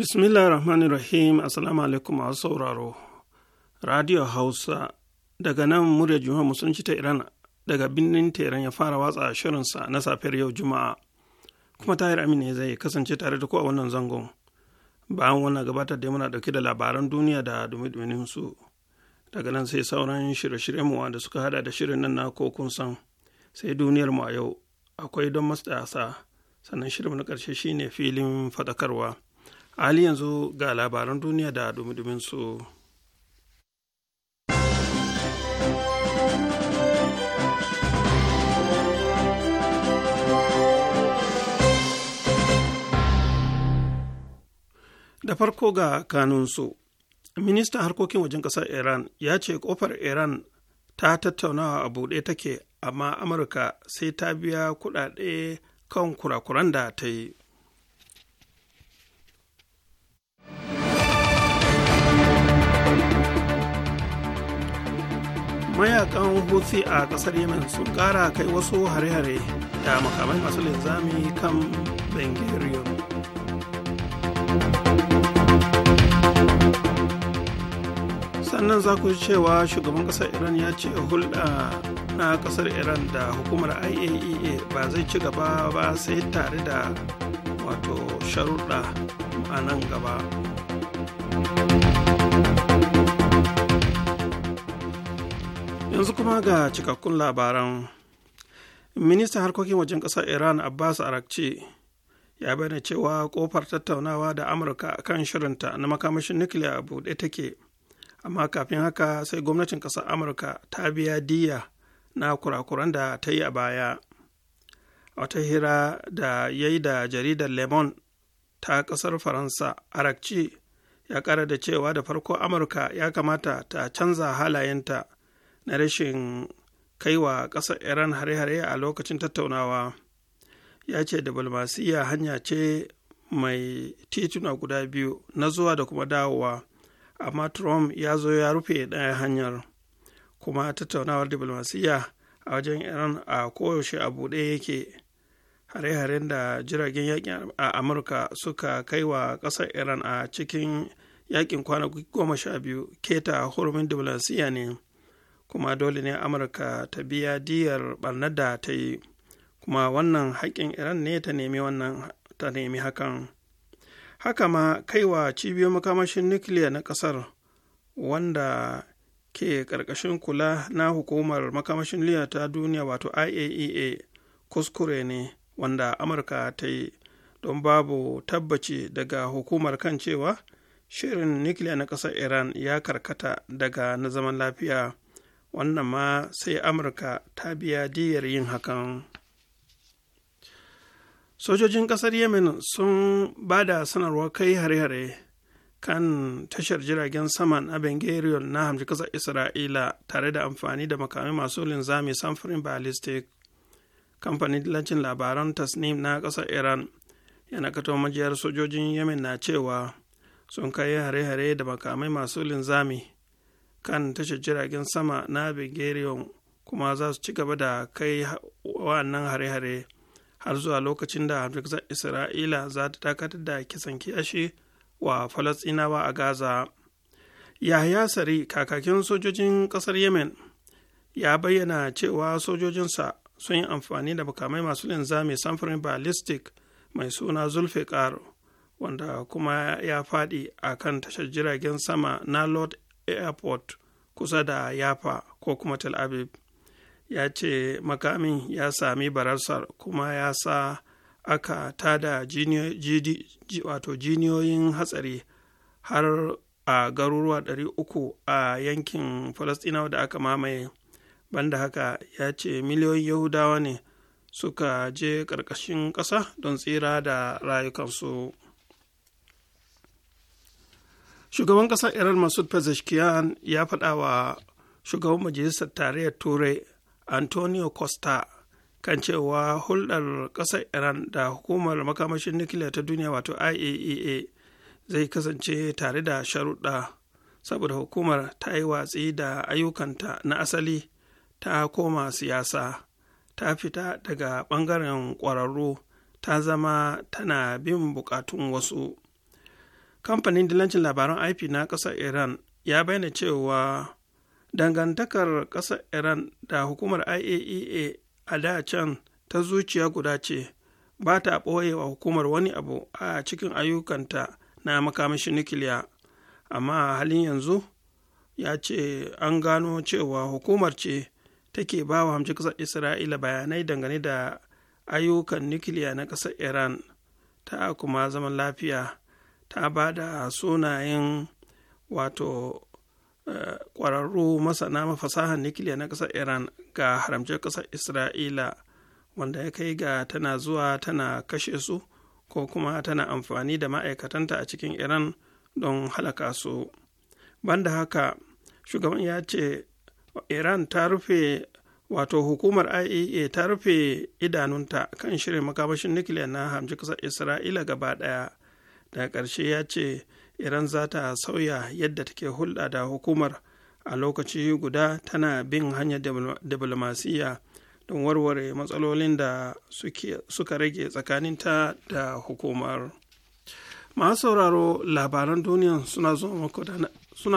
bismillah rahmanir rahim assalamu alaikum masu sauraro radio hausa daga nan murya juma musulunci ta iran daga birnin teran ya fara watsa shirinsa na safiyar yau juma'a kuma tahir Aminu ya zai kasance tare da ku a wannan zangon bayan wannan gabatar da muna dauke da labaran duniya da dumi su daga nan sai sauran shirye-shiryen mu da suka hada da shirin nan na ko kun san sai duniyar mu a yau akwai don masu sannan shirin na karshe shine filin fadakarwa hali yanzu ga labaran duniya da dumi su. da farko ga kanunsu ministan harkokin wajen ƙasar iran ya ce kofar iran ta tattaunawa a buɗe take amma amurka sai ta biya kuɗaɗe kan kurakuran da ta yi mayakan houthi a kasar yemen sun kara kai wasu hare-hare da makamai masu linzami kan bengeriyar sannan za ku ji cewa shugaban kasar iran ya ce hulɗa na kasar iran da hukumar iaea e ba zai ci gaba ba sai tare da wato sharuɗa a nan gaba yanzu kuma ga cikakkun labaran ministan harkokin wajen ƙasar iran abbas arakci ya bayyana cewa kofar tattaunawa da amurka a kan shirinta na makamashin nukiliya a buɗe take amma kafin haka sai gwamnatin ƙasar amurka ta biya diya na kurakuran da ta yi a baya wata hira da ya yi da jaridar lemon ta ƙasar faransa arakci ya ƙara da cewa da farko amurka ya kamata ta canza halayenta na rashin kaiwa ƙasar iran hare-hare a lokacin tattaunawa ya ce balmasiya hanya ce mai tituna guda biyu na zuwa da kuma dawowa amma trump ya zo ya rufe ɗaya hanyar kuma tattaunawar diplomasiyya a wajen iran a koyaushe a buɗe yake hare-haren da jiragen yakin a amurka suka kai wa ƙasar iran a cikin yakin kwana goma sha biyu keta hurumin diplomasiya ne kuma dole ne amurka ta biya diyar barnar da ta yi kuma wannan haƙƙin iran ne ta nemi wannan ta nemi hakan haka ma kaiwa cibiyar makamashin nukiliya na ƙasar wanda ke ƙarƙashin kula na hukumar makamashin nukiliya ta duniya wato iaea e kuskure ne wanda amurka ta yi don babu tabbaci daga hukumar kan cewa shirin nukiliya na ƙasar iran ya karkata daga na zaman lafiya wannan ma sai amurka ta biya diyar yin hakan sojojin ƙasar yemen sun ba da sanarwar kai hare-hare kan tashar jiragen saman abin na hamji ƙasar isra'ila tare da amfani da makamai masu linzami samfurin ballistic kamfanin dillacin labaran tasnim na ƙasar iran yana kato majiyar sojojin yemen na cewa sun kai hare-hare da makamai masu linzami kan tashar jiragen sama na bulgarian kuma za su ci gaba da kai wannan hare-hare har zuwa lokacin da hamsar isra'ila za ta dakatar da kisan kiyashi wa falastinawa a gaza yahaya sari kakakin sojojin ƙasar yemen ya bayyana cewa sojojinsa sun yi amfani da makamai masu linzami samfurin ballistic mai suna karo wanda kuma ya faɗi a kan tashar jiragen sama na lord airport kusa da yafa ko kuma tel aviv ya ce makamin ya sami barasar kuma ya sa aka tada wato jiniyoyin hatsari har a garuruwa 300 a yankin falastinawa da aka mamaye banda haka ya ce miliyoyin yahudawa ne suka je ƙarƙashin ƙasa don tsira da rayukansu shugaban ƙasar iran masud pezeshkian ya faɗa wa shugaban majalisar tarayyar turai antonio costa kan cewa hulɗar ƙasar iran da hukumar makamashin nukiliya ta duniya wato iaea e zai kasance tare da sharuɗa saboda hukumar ta yi watsi da ayyukanta na asali ta koma siyasa ta fita daga ɓangaren ƙwararru ta zama tana bin buƙatun wasu kamfanin dilancin labaran ip na ƙasar iran ya bayyana cewa dangantakar ƙasar iran da hukumar iaea e a da can ta zuciya guda ce ba ta ɓoyewa hukumar wani abu a cikin ayyukanta na makamashin nukiliya amma halin yanzu ya ce an gano cewa hukumar ce take ba wa hamci ƙasar isra'ila bayanai dangane da ayyukan nukiliya na ƙasar iran ta kuma zaman lafiya ta ba da sunayen wato eh, ƙwararru masana fasahar nukiliya na ƙasar iran ga haramce kasar isra'ila wanda ya kai ga tana zuwa tana kashe su ko kuma tana amfani da ma'aikatanta a cikin iran don halaka su banda haka shugaban ya ce iran ta rufe wato hukumar iea ta rufe idanunta kan shirin makamashin nukiliya na hamji kasar isra'ila gaba daya daga ƙarshe ya ce iran za ta sauya yadda take hulɗa da hukumar a lokaci guda tana bin hanyar diplomasiyya don warware matsalolin da suka rage tsakaninta da hukumar masu sauraro labaran duniya suna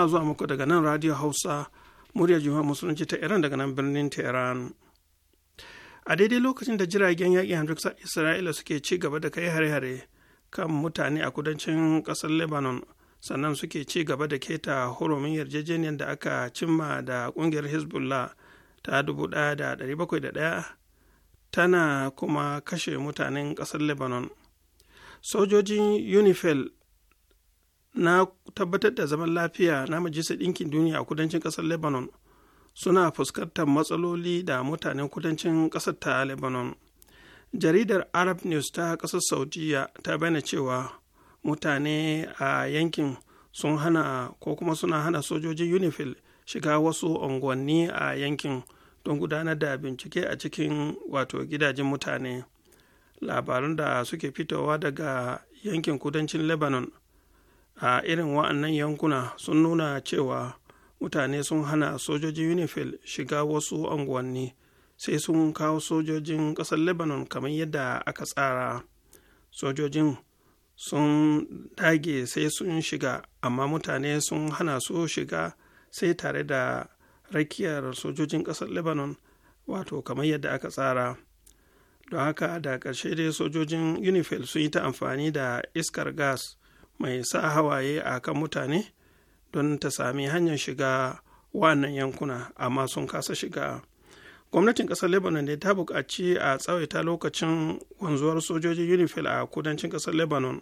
zuwa muku daga nan radio hausa muryar jihar musulunci ta iran daga nan birnin tehran a daidai lokacin da jiragen yaƙin hamduksa isra'ila suke ci gaba da kai hare-hare kan mutane a kudancin ƙasar lebanon sannan suke ci gaba da keta horomin yarjejeniyar da aka cimma da ƙungiyar hezbollah ta 1701 tana kuma kashe mutanen ƙasar lebanon sojojin unifel na tabbatar da zaman lafiya na majalisar ɗinkin duniya a kudancin ƙasar lebanon suna fuskantar matsaloli da mutanen kudancin ƙasar ta lebanon jaridar arab news ta ƙasar saudiya ta bayyana cewa mutane a yankin sun hana ko kuma suna hana sojojin unifil shiga wasu unguwanni a yankin don gudanar da bincike a cikin wato gidajen mutane labarun da suke fitowa daga yankin kudancin lebanon a irin wa'annan yankuna sun nuna cewa mutane sun hana sojojin unifil shiga wasu unguwanni sai sun kawo sojojin ƙasar lebanon kamar yadda aka tsara sojojin sun dage sai sun shiga amma mutane sun hana su shiga sai tare da rakiyar sojojin ƙasar lebanon wato kamar yadda aka tsara don haka da ƙarshe dai sojojin unifil sun yi ta amfani da iskar gas mai sa hawaye a kan mutane don ta sami hanyar shiga wannan yankuna amma sun kasa shiga gwamnatin kasar lebanon ne ta buƙaci a tsawaita lokacin wanzuwar sojojin unifil a kudancin kasar lebanon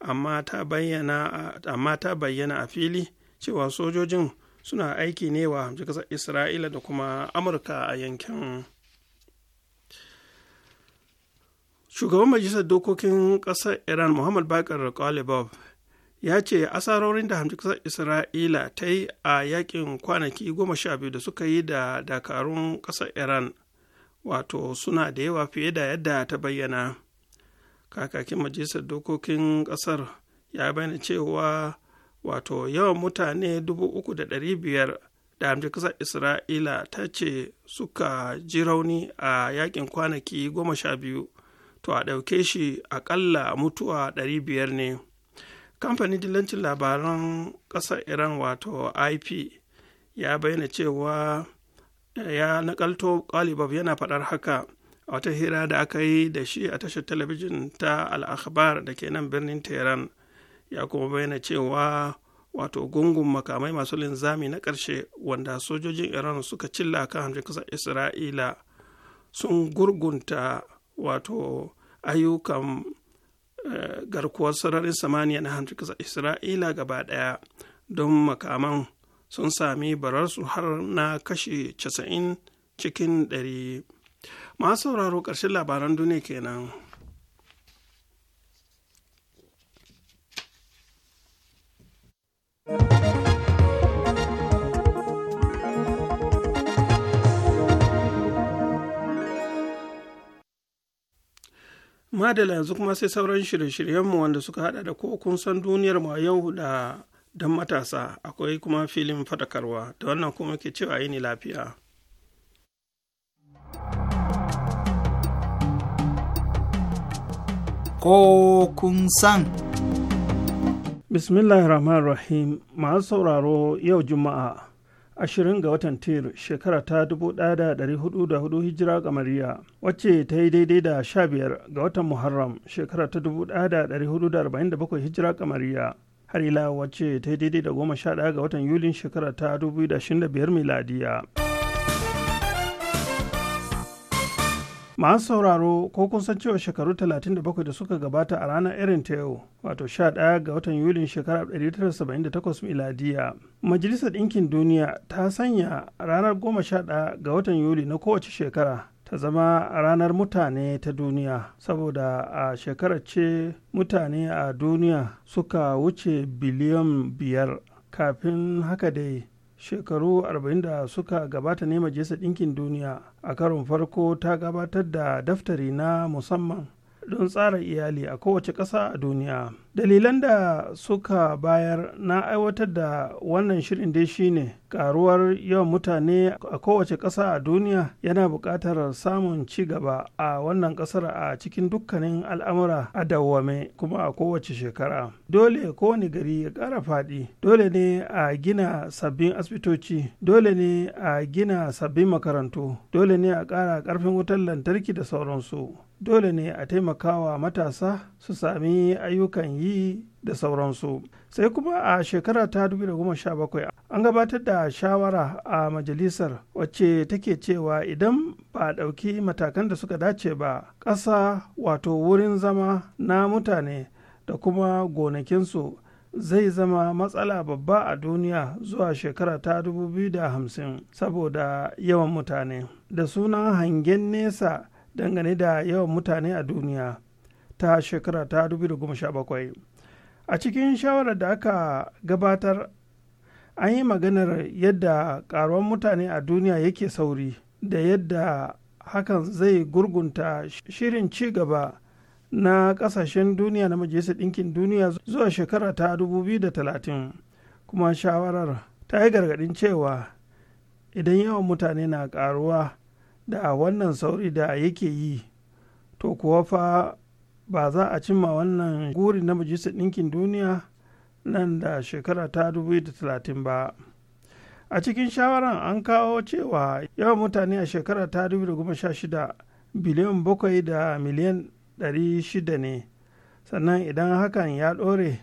amma ta bayyana a fili cewa sojojin suna aiki ne wa kasar isra'ila da kuma amurka a yankin shugaban majalisar dokokin ƙasar iran muhammad bakar kalibov ya ce asarorin da ƙasar isra'ila ta yi a yakin kwanaki goma sha biyu da suka yi da dakarun ƙasar iran wato suna da yawa fiye da yadda ta bayyana kakakin majalisar dokokin ƙasar ya bayyana cewa wato yawan mutane dubu uku da ɗari biyar da isra'ila ta ce suka ji rauni a yakin kwanaki goma sha biyu to a ɗauke shi aƙalla mutuwa 500 ne kamfanin dillancin labaran ƙasar iran wato ip ya bayyana cewa eh, ya naƙalto kalibab yana faɗar haka a wata hira da aka yi da shi a tashar talabijin ta al'akhbar da ke nan birnin tehran ya kuma bayyana cewa wato gungun makamai masu linzami na ƙarshe wanda sojojin iran suka cilla kan hamshin ƙasar isra'ila sun gurgunta wato ayyukan eh, garkuwar sararin samaniya na hamsin isra'ila gaba ɗaya don makaman sun sami bararsu har na kashe 90 cikin 100 masu sauraro ƙarshen labaran duniya kenan. madala yanzu kuma sai sauran shirye-shiryenmu wanda suka hada da ko kun san duniyar mu a yau da dan matasa akwai kuma filin fadakarwa da wannan kuma ke cewa yi ne lafiya. Ko kun san. Bismillahirrahmanirrahim masu sauraro yau Juma'a. ashirin ga watan tir shekara ta hudu hijira kamariya wacce ta yi daidai da 15 ga watan muharram shekara ta 1447 hijira kamariya har ila wacce ta yi daidai da 11 ga watan yulin shekara ta 2025 miladiya. masu sauraro ko kun san cewa shekaru 37 da suka gabata a ranar irin ta yau wato 11 ga watan yulin shekarar 1978 miladiya majalisar ɗinkin duniya ta sanya ranar 11 ga watan yuli na kowace shekara ta zama ranar mutane ta duniya saboda a shekarar ce mutane a duniya suka wuce biliyan biyar kafin haka dai shekaru 40 da suka gabata ne majalisar ɗinkin duniya a karon farko ta gabatar da daftari na musamman don tsara iyali a kowace ƙasa a duniya dalilan da suka bayar na aiwatar da wannan shirin dai shine karuwar yawan mutane a kowace ƙasa a duniya yana buƙatar samun ci gaba a wannan ƙasar a cikin dukkanin al'amura a dawwame kuma a kowace shekara dole kowane gari ya ƙara faɗi dole ne a gina sabbin asibitoci dole ne a gina sabbin makarantu dole ne a ƙara ƙarfin wutar lantarki da sauransu dole ne a taimakawa matasa su sami ayyukan yi da sauransu sai kuma a shekara ta 2017 an gabatar da shawara a majalisar wacce take cewa idan ba a ɗauki matakan da suka dace ba ƙasa wato wurin zama na mutane da kuma gonakinsu zai zama matsala babba a duniya zuwa shekara ta 2050 saboda yawan mutane da sunan hangen nesa dangane da yawan mutane a duniya ta shekara ta 2017 a cikin shawarar da aka gabatar an yi maganar yadda karuwan mutane a duniya yake sauri da yadda hakan zai gurgunta shirin ci gaba na kasashen duniya na majalisar ɗinkin duniya zuwa shekara ta 2030 kuma shawarar ta yi gargaɗin cewa idan yawan mutane na karuwa da wannan sauri da yake yi to kuwa fa ba za a cimma wannan guri na majalisar ɗinkin duniya nan da shekara ta 2030 ba a cikin shawaran an kawo cewa yawan mutane a shekara ta 2016 biliyan bakwai da miliyan 600 ne sannan idan hakan ya ɗore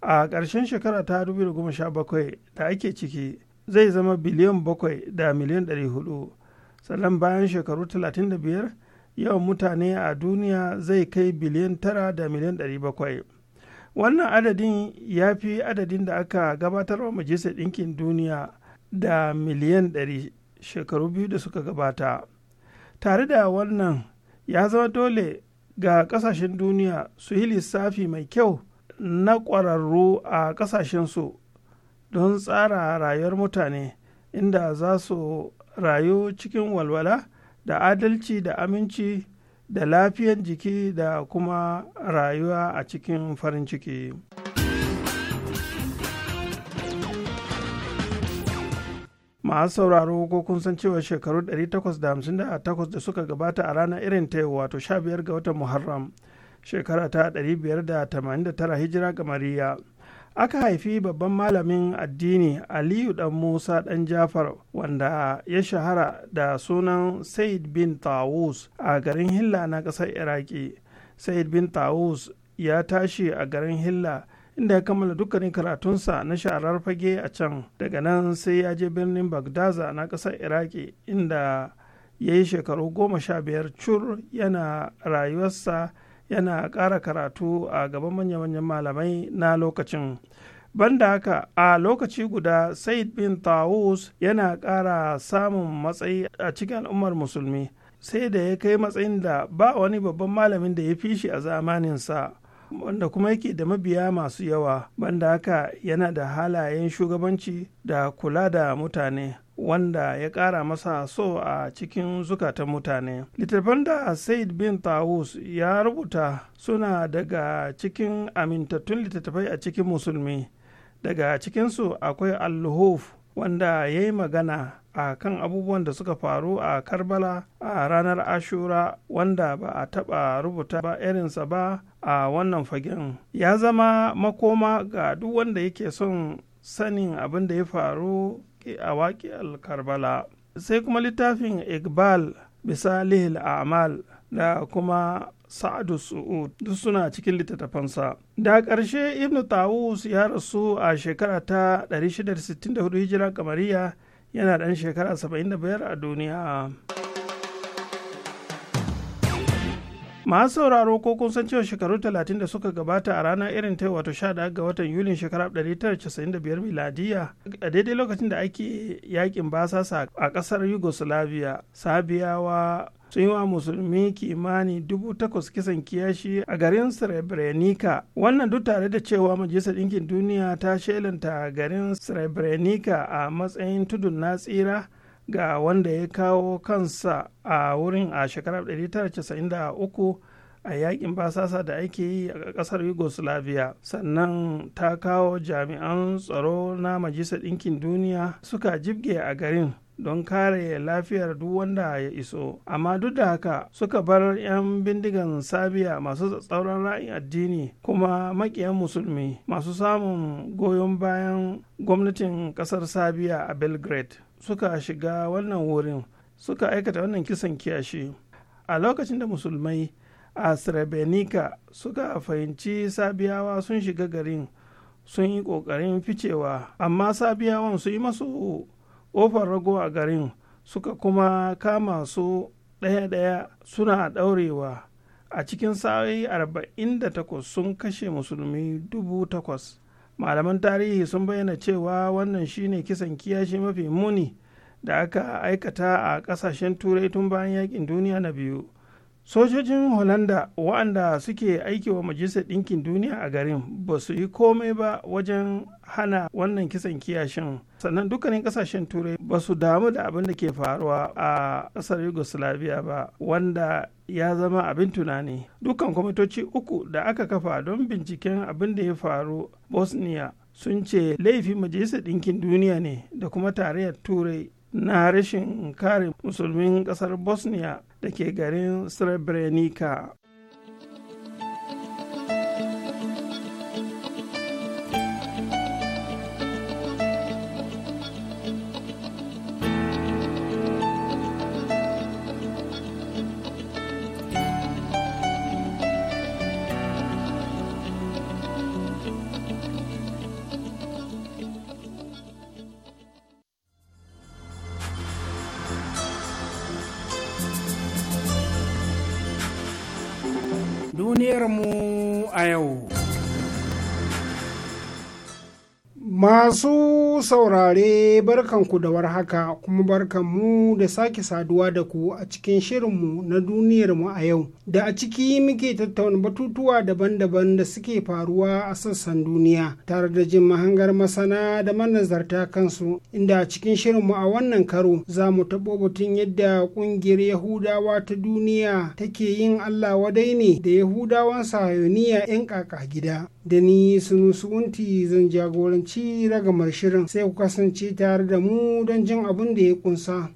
a ƙarshen shekara ta 2017 da ake ciki zai zama biliyan bakwai da miliyan 400 sannan bayan shekaru 35 yawan mutane a duniya zai kai biliyan 9 da miliyan 700 wannan adadin ya fi adadin da aka gabatar wa majalisar ɗinkin duniya da miliyan 100 shekaru biyu da suka gabata tare da wannan ya zama dole ga kasashen duniya su yi lissafi mai kyau na ƙwararru a su don tsara rayuwar mutane inda za su rayu cikin walwala da adalci da aminci da lafiyan jiki da kuma rayuwa a cikin farin ciki. masu sauraro ko kun san cewa shekaru 858 da suka gabata a ranar irin ta wato 15 ga watan muharram shekara ta 589 hijira ga mariya aka haifi babban malamin addini aliyu dan musa dan jafar wanda ya shahara da sunan said bin tawus a garin hilla na ƙasar iraki said bin tawus ya tashi a garin hilla inda ya kammala dukkanin karatunsa na sharar fage a can daga nan sai ya je birnin bagdaza na ƙasar iraki inda ya yi shekaru goma sha biyar cur yana rayuwarsa yana ƙara karatu a gaban manya-manyan malamai na lokacin banda haka a lokaci guda said bin tawus yana ƙara samun matsayi a cikin al'ummar musulmi sai da ya kai matsayin da ba wani babban malamin da ya fi shi a zamaninsa wanda kuma yake da mabiya masu yawa banda haka yana da halayen shugabanci da kula da mutane wanda ya ƙara masa so a cikin zukatan mutane. Littattafan da Said bin Tawus ya rubuta suna daga cikin amintattun littattafai a cikin musulmi. Daga cikinsu akwai al wanda ya yi magana a kan abubuwan da suka faru a Karbala a ranar Ashura wanda ba a taɓa rubuta ba irinsa ba a wannan fagen. Ya zama makoma ga duk wanda yake son sanin abin da ya faru a waƙiyar karbala sai kuma littafin iqbal bisa lihil amal da kuma sa'adu su'ud duk suna cikin littattafansa da ƙarshe ibnu tawus ya rasu a shekara ta 664 hijira kamariya yana ɗan shekara 75 a duniya masu sauraro ko kun san cewa shekaru 30 da suka gabata a ranar irin ta wato 11 ga watan yulin shekarar 1995 miladiya a daidai lokacin da ake yakin basasa a kasar yugoslavia sabiyawa sun yi wa musulmi kimani dubu takwas kisan kiyashi a garin srebrenica wannan duk tare da cewa majalisar ɗinkin duniya ta shelanta garin srebrenica a matsayin tudun na tsira ga wanda ya kawo kansa a wurin a shekarar 1993 a yakin basasa da ake yi a kasar yugoslavia sannan ta kawo jami'an tsaro na majalisar ɗinkin duniya suka jibge a garin don kare lafiyar duk wanda ya iso amma duk da haka suka bar 'yan bindigan sabiya masu tsauran ra'ayin addini kuma makiyan musulmi masu samun goyon bayan gwamnatin kasar sabiya a belgrade suka shiga wannan wurin suka aikata wannan kisan kiyashi a lokacin da musulmai a srebrenica suka fahimci sabiyawa sun shiga garin sun yi ƙoƙarin ficewa amma sabiyawan su yi masu ƙofar rago a garin suka kuma kama su ɗaya-ɗaya suna ɗaurewa a cikin sa'o'i 48 sun kashe musulmi dubu takwas malaman tarihi sun bayyana cewa wannan shine kisan kiyashi mafi muni da aka aikata a kasashen turai tun bayan yakin duniya na biyu sojojin holanda waɗanda suke aiki wa majalisar ɗinkin duniya a garin ba su yi komai ba wajen hana wannan kisan kiyashin sannan dukkanin ƙasashen turai ba su damu da abin da ke faruwa a ƙasar yugoslavia ba wanda ya zama abin tunani dukkan kwamitoci uku da aka kafa don binciken abin da ya faru bosnia sun ce laifin majalisar ɗinkin duniya ne da kuma tarayyar turai na rashin kare musulmin kasar bosnia da ke garin srebrenica Masu saurare barkanku da warhaka kuma barkanmu da sake saduwa da ku a cikin shirinmu na duniyarmu a yau da a ciki muke tattauna batutuwa daban-daban da suke faruwa a sassan duniya tare da jin mahangar masana da manazarta kansu inda a cikin shirinmu a wannan karo za mu taɓo batun yadda ƙungiyar Yahudawa ta duniya take yin Allah wadai ne da Yahudawan Sahayoniya 'yan ƙaƙa gida. da ni sunu sugunti zan jagoranci ragamar shirin sai ku kasance tare da mu don jin abin da ya kunsa.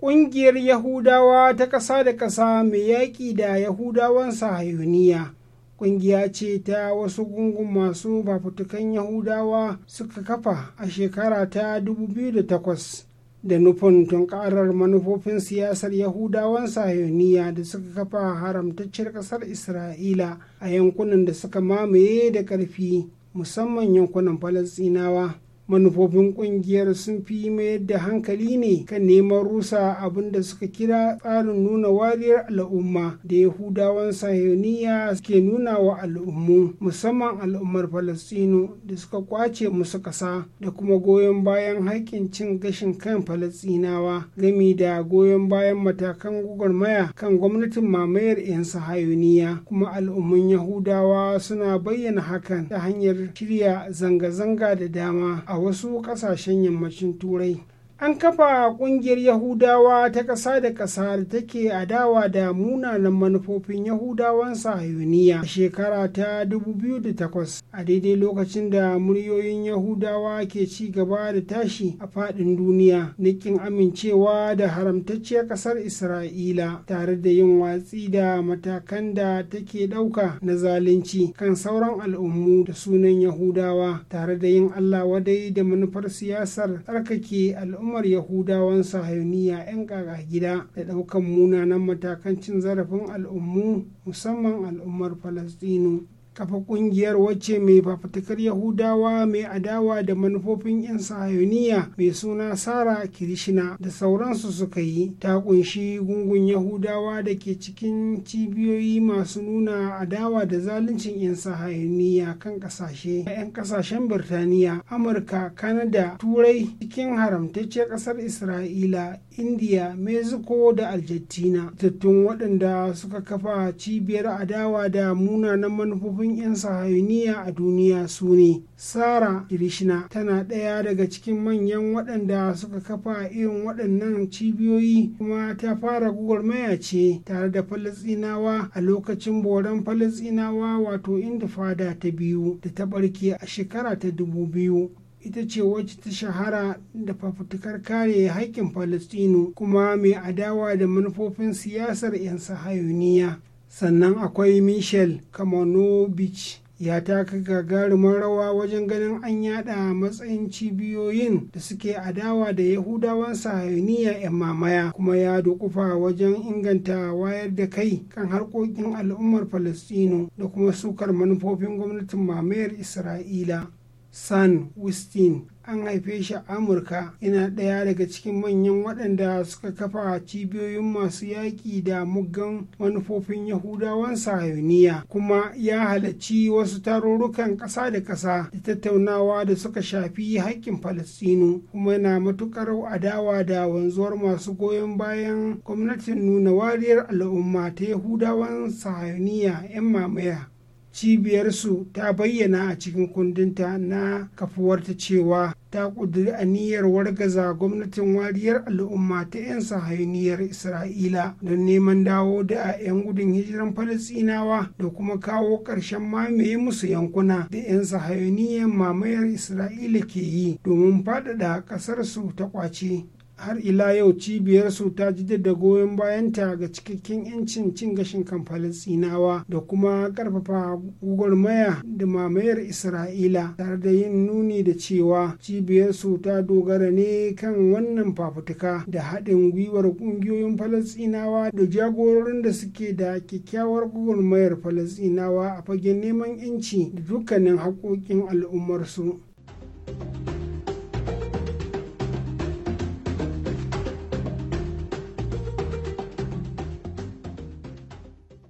Ƙungiyar Yahudawa ta ƙasa da ƙasa mai yaƙi da Yahudawan Sahayuniya. ƙungiya ce ta wasu gungun masu fafutukan yahudawa suka kafa a shekara ta 2008 da nufin tunkarar manufofin siyasar yahudawan sahiyoniya da suka kafa haramtacciyar ƙasar isra'ila a yankunan da suka mamaye da ƙarfi musamman yankunan falasinawa manufofin kungiyar sun fi mayar da hankali ne kan neman rusa abin da suka kira tsarin nuna wariyar al'umma da yahudawan sahiyoniya ke nuna wa al'ummu musamman al'ummar falastinu da suka kwace musu ƙasa da kuma goyon bayan haƙƙin cin gashin kan falastinawa gami da goyon bayan matakan gwagwarmaya kan gwamnatin mamayar 'yan sahiyoniya kuma al'ummun yahudawa suna bayyana hakan ta hanyar shirya zanga-zanga da dama a a wasu ƙasashen yammacin turai an kafa kungiyar yahudawa ta ƙasa da ƙasa da take adawa da munanan manufofin yahudawan sahayuniya a shekara ta 2008 a daidai lokacin da muryoyin yahudawa ke ci gaba da tashi a faɗin duniya nikin amincewa da haramtacciyar ƙasar isra'ila tare da yin watsi da matakan da take ɗauka na zalunci kan sauran al'ummu da sunan yahudawa tare da yin allah wadai da manufar siyasar tsarkake al'umma al'ummar yahudawan sahayuniya 'yan ƙaga gida da ɗaukan munanan matakan cin zarafin al'ummu musamman al'ummar falastinu kafa kungiyar wacce mai fafatakar yahudawa mai adawa da manufofin 'yan sahayoniya mai suna sara kirishina da sauransu suka yi ta kunshi gungun yahudawa da ke cikin cibiyoyi masu nuna adawa da zaluncin 'yan sahayoniya kan kasashe 'yan kasashen birtaniya amurka kanada turai cikin haramtacciyar kasar isra'ila Indiya, mexico da argentina tattun waɗanda suka kafa cibiyar adawa da munanan manufofin 'yan sahayuniya a duniya su ne sara kirishna tana ɗaya daga cikin manyan waɗanda suka kafa irin waɗannan cibiyoyi kuma ta fara gwagwarmaya ce tare da falasinawa a lokacin boran falasinawa wato intifada ta biyu da ta ɓarke a shekara ta dubu biyu ita ce wacce ta shahara da fafutukar kare haƙƙin falastinu kuma mai adawa da manufofin siyasar 'yan sahayuniya sannan akwai michel kamanovich ya taka gagarumin rawa wajen ganin an yada matsayin cibiyoyin da suke adawa da yahudawan sahayuniya 'yan mamaya kuma ya dukufa wajen inganta wayar da kai kan harkokin al'ummar falastinu da kuma sukar manufofin gwamnatin mamayar isra'ila san wistin an haife shi a amurka yana ɗaya daga cikin manyan waɗanda suka kafa cibiyoyin masu yaƙi da muggan manufofin yahudawan sahayuniya kuma ya halarci wasu tarurrukan ƙasa da ƙasa da tattaunawa da suka shafi haƙƙin falastinu kuma yana matuƙar adawa da wanzuwar masu goyon bayan gwamnatin nuna wariyar al'umma ta yahudawan sahayuniya 'yan mamaya cibiyarsu ta bayyana a cikin kundinta na kafuwarta cewa ta a aniyar wargaza gwamnatin wariyar al'umma ta 'yan sahayiniyar isra'ila don neman dawo da 'yan gudun hijiran falasinawa da kuma kawo ƙarshen mamaye musu yankuna da 'yan sahayiniyar mamayar isra'ila ke yi domin faɗaɗa ƙasarsu ta ƙwace har ila yau cibiyarsu ta ji jaddada goyon bayanta ga cikakken 'yancin cin gashin kan falasinawa da kuma karfafa gwagwarmaya da mamayar isra'ila tare da yin nuni da cewa cibiyarsu ta dogara ne kan wannan fafutuka da haɗin gwiwar ƙungiyoyin falasinawa da jagororin da suke da kyakkyawar mayar falasinawa a fagen neman 'yanci da dukkanin haƙoƙin al'ummarsu.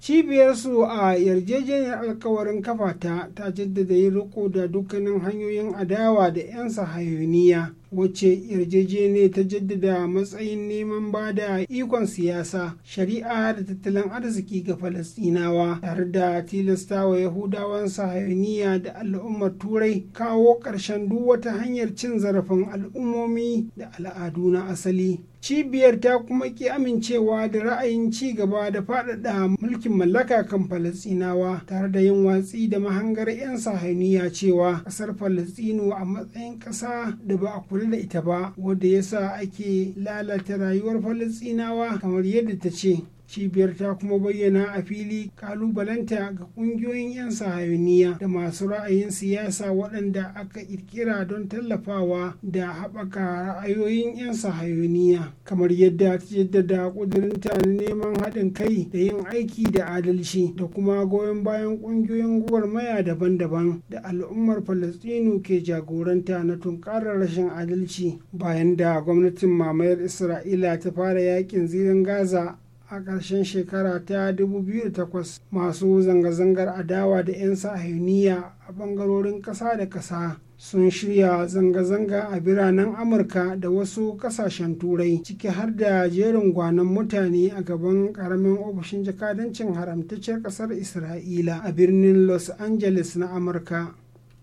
cibiyarsu a yarjejeniyar alkawarin kafata ta jaddada yin riko da dukkanin hanyoyin adawa da 'yan sahayoniya wacce yarjejeniya ta jaddada matsayin neman ba da ikon siyasa shari'a da tattalin arziki ga Falasɗinawa. tare da tilasta wa yahudawan sahayoniya da al'ummar turai kawo ƙarshen duk wata hanyar cin zarafin al'ummomi da al'adu na asali cibiyar ta kuma ki amincewa da ra'ayin ci gaba da faɗaɗa mulkin mallaka kan falasinawa tare da yin watsi da mahangar 'yan sahaniya cewa ƙasar falasinu a matsayin ƙasa da ba a kula da ita ba wadda yasa ake lalata rayuwar falasinawa kamar yadda ta ce cibiyar ta kuma bayyana a fili kalubalanta ga kungiyoyin 'yan sahayoniya da masu ra'ayin siyasa waɗanda aka kirkira don tallafawa da haɓaka ra'ayoyin 'yan sahayuniya kamar yadda ta jaddada ƙudurinta na neman haɗin kai da yin aiki da adalci da kuma goyon bayan ƙungiyoyin gwagwarmaya daban-daban da al'ummar falastinu ke jagoranta na tunkarar rashin adalci bayan da gwamnatin mamayar isra'ila ta fara yakin zirin gaza a ƙarshen shekara ta 2008 masu zanga-zangar adawa da 'yan sahiniya a ɓangarorin ƙasa da ƙasa sun shirya zanga-zanga a biranen amurka da wasu ƙasashen turai ciki har da jerin gwanon mutane a gaban ƙaramin ofishin jakadancin haramtaccen ƙasar isra'ila a birnin los angeles na amurka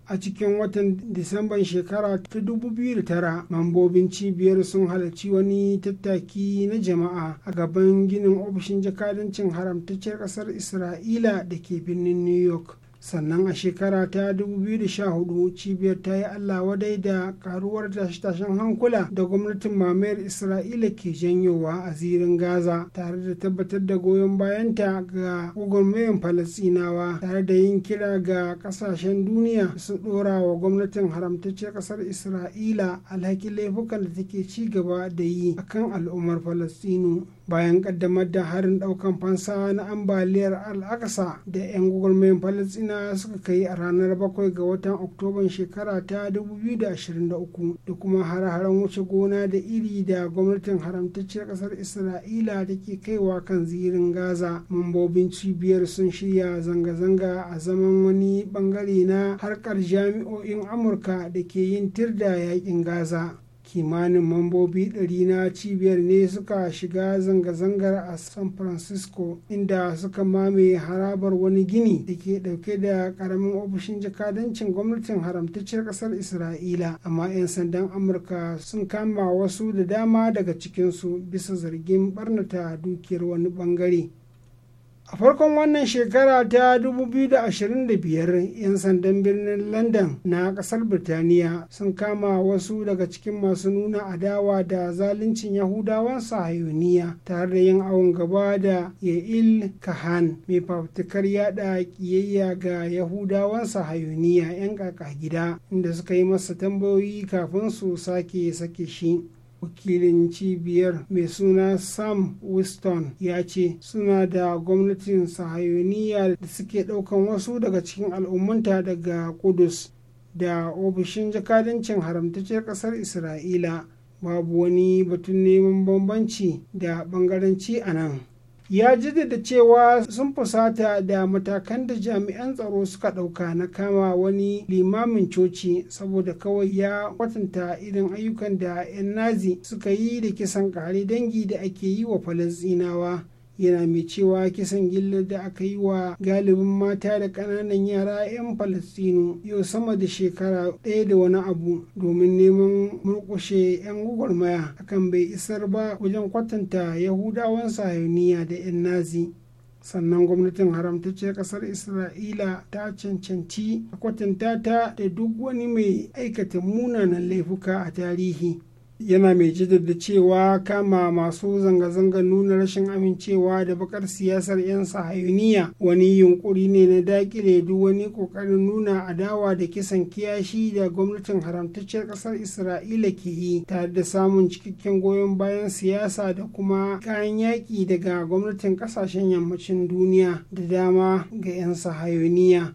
a cikin watan disamban shekara ta da tara, mambobin cibiyar sun halarci wani tattaki na jama'a a gaban ginin ofishin jakadancin haramtacciyar ƙasar isra'ila da ke birnin new york sannan a shekara ta 2014 cibiyar ta yi allah wadai da karuwar tashen hankula da gwamnatin mamayar isra'ila ke janyowa a zirin gaza tare da tabbatar da goyon bayanta ga gwagwarmayan falasinawa tare da yin kira ga kasashen duniya su dora wa gwamnatin haramtaccen kasar isra'ila alhakin laifukan da take ci gaba da yi akan al'ummar falasinu bayan kaddamar da harin daukan fansa na ambaliyar al'aksa da 'yan gwagwarmayin falasina suka kai a ranar 7 ga watan oktoban shekara ta 2023 da kuma hare-haren wuce gona da iri da gwamnatin haramtacciyar kasar isra'ila da ke kaiwa kan zirin gaza mambobin cibiyar sun shirya zanga-zanga a zaman wani bangare na harkar jami'o'in amurka da ke yin tirda yakin gaza kimanin mambobi ɗari na cibiyar ne suka shiga zanga-zangar a san francisco inda suka mamaye harabar wani gini da ke ɗauke da ƙaramin ofishin jakadancin gwamnatin haramtacciyar ƙasar isra'ila amma 'yan sandan amurka sun kama wasu da dama daga cikinsu bisa zargin barnata dukiyar wani bangare a farkon wannan shekara ta 2025 'yan sandan birnin london na kasar birtaniya sun kama wasu daga cikin masu nuna adawa da zaluncin yahudawan sahayoniya tare da yin awon gaba da ya'il kahan mai fafutukar yada kiyayya ga yahudawan sahayoniya 'yan kaka gida inda suka yi masa tambayoyi kafin su sake sake shi wakilin cibiyar mai suna sam winston ya ce suna da gwamnatin sahayoniya da suke ɗaukan wasu daga cikin al'ummanta daga kudus da ofishin jakadancin haramtacciyar ƙasar isra'ila babu wani batun neman bambanci da bangaranci a nan ya jaddada cewa sun fusata da matakan da jami'an tsaro suka ɗauka na kama wani limamin coci saboda kawai ya kwatanta irin ayyukan da 'yan nazi suka yi da kisan kare dangi da ake yi wa falasinawa yana mai cewa kisan gillar da aka yi wa galibin mata da ƙananan yara 'yan falastinu yau sama da shekara ɗaya da wani abu domin neman murkushe 'yan gwagwarmaya akan bai isar ba wajen kwatanta yahudawan sahiyoniya da 'yan nazi sannan gwamnatin haramtacce kasar isra'ila ta cancanci a kwatanta ta da duk wani mai aikata munanan laifuka a tarihi yana mai jaddada cewa kama masu zanga-zanga nuna rashin amincewa da bakar siyasar 'yan sahayuniya wani yunkuri ne na dakile duk wani kokarin nuna adawa da kisan kiyashi da gwamnatin haramtacciyar kasar isra'ila ke yi tare da samun cikakken goyon bayan siyasa da kuma kayan yaƙi daga gwamnatin kasashen yammacin duniya da dama ga 'yan sahayuniya